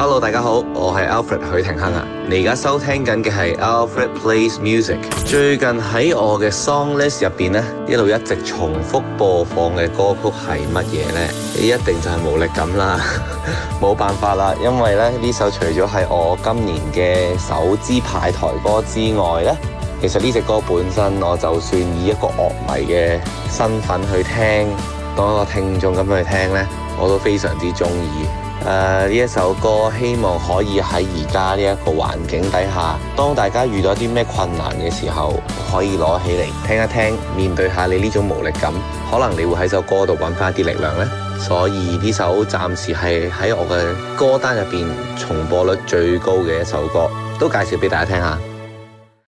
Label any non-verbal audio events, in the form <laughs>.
Hello，大家好，我係 Alfred 許廷鏗啊！你而家收聽緊嘅係 Alfred Plays Music。最近喺我嘅 Song List 入面咧，一路一直重複播放嘅歌曲係乜嘢咧，呢一定就係無力感啦，冇 <laughs> 辦法啦，因為咧呢這首除咗係我今年嘅首支派台歌之外呢，其實呢隻歌本身我就算以一個樂迷嘅身份去聽。當個聽眾咁去聽呢，我都非常之中意。誒、呃，呢一首歌希望可以喺而家呢一個環境底下，當大家遇到啲咩困難嘅時候，可以攞起嚟聽一聽，面對下你呢種無力感，可能你會喺首歌度搵翻一啲力量呢。所以呢首暫時係喺我嘅歌單入面重播率最高嘅一首歌，都介紹俾大家聽下。